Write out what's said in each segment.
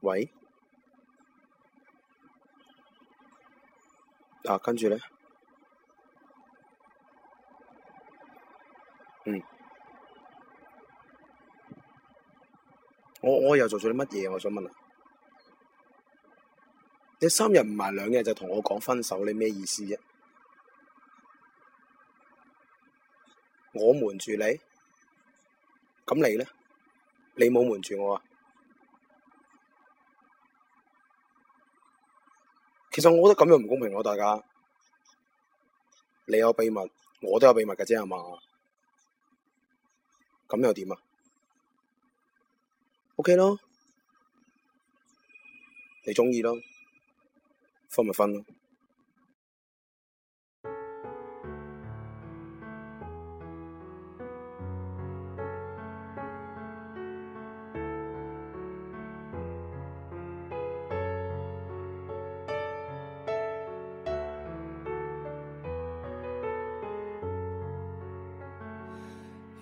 喂，啊，跟住咧，嗯，我我又做咗啲乜嘢？我想問啊，你三日唔埋兩日就同我講分手，你咩意思啫？我瞞住你，咁你咧？你冇瞞住我啊？其實我覺得咁樣唔公平咯，大家你有秘密，我都有秘密嘅啫，係嘛，咁又點啊？OK 咯，你鍾意咯，分咪分咯。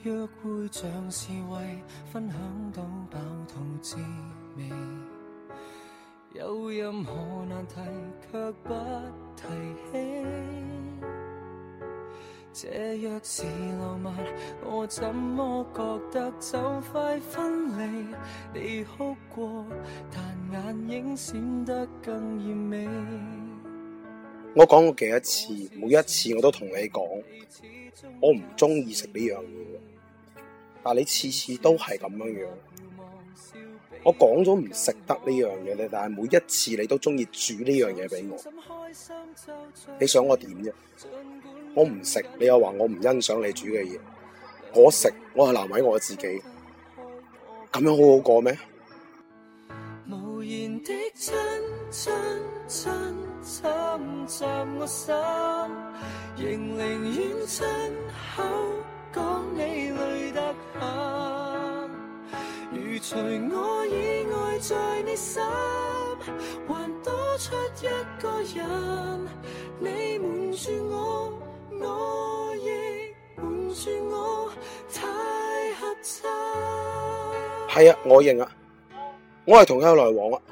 約會像是為分享到飽肚滋味，有任何難題卻不提起。這若是浪漫，我怎麼覺得就快分離？你哭過，但眼影顯得更艷美。我講過幾多次，每一次我都同你講，我唔中意食呢樣嘢。但你次次都係咁樣樣，我講咗唔食得呢樣嘢咧，但係每一次你都中意煮呢樣嘢俾我，你想我點啫？我唔食，你又話我唔欣賞你煮嘅嘢，我食，我係難為我自己，咁樣好好過咩？無言的親親侵襲我心，仍寧願親口。講你你你累得很，如除我我，我我，以外，在你心還多出一個人。瞞住我，我亦瞞住我，太合襯。係啊，我認啊，我係同佢有來往啊，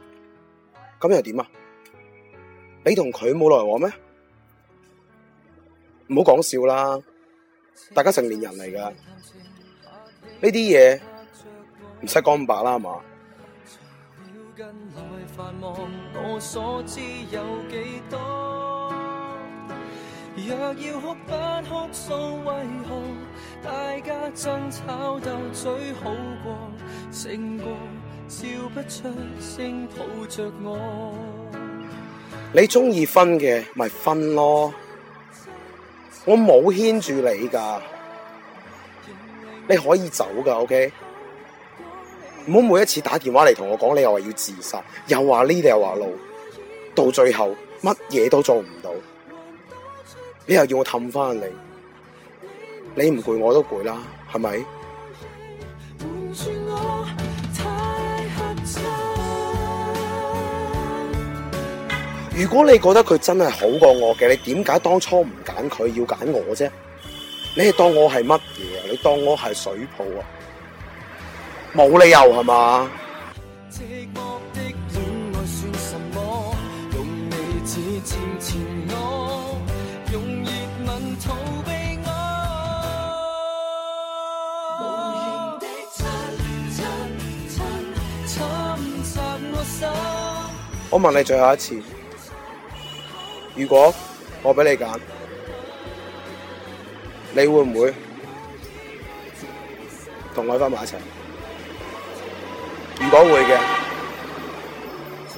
咁又點啊？你同佢冇來往咩？唔好講笑啦。大家成年人嚟㗎，呢啲嘢唔使講咁白啦，係嘛？若要哭不哭訴，為何大家爭吵鬥嘴好過勝過笑不出聲抱住我？你鍾意分嘅咪分咯。我冇牽住你㗎，你可以走㗎，OK？唔好每一次打電話嚟同我講，你又話要自殺，又話呢啲又話路，到最後乜嘢都做唔到，你又要我氹返你，你唔攰我都攰啦，係咪？如果你覺得佢真係好過我嘅，你點解當初唔揀佢，要揀我啫？你當我係乜嘢？你當我係水泡啊？冇理由係嘛？寂寞的戀愛算什麼？用你指尖纏我，用熱吻逃避我。我，我問你最後一次。如果我畀你揀，你會唔會同我返埋一齊？如果會嘅，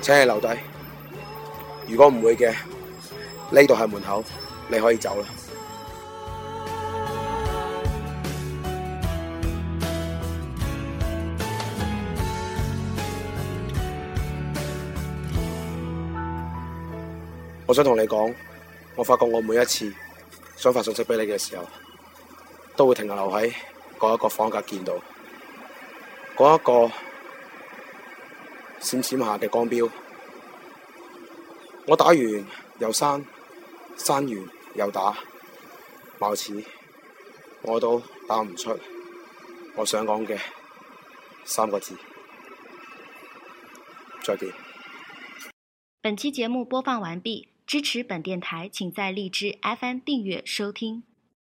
請你留低；如果唔會嘅，呢度係門口，你可以走啦。我想同你講，我發覺我每一次想發信息俾你嘅時候，都會停留喺嗰一個方格見到嗰一個閃閃下嘅光標。我打完又刪，刪完又打，貌似我都打唔出我想講嘅三個字。再見。本期節目播放完畢。支持本電台，請在荔枝 FM 訂閱收聽。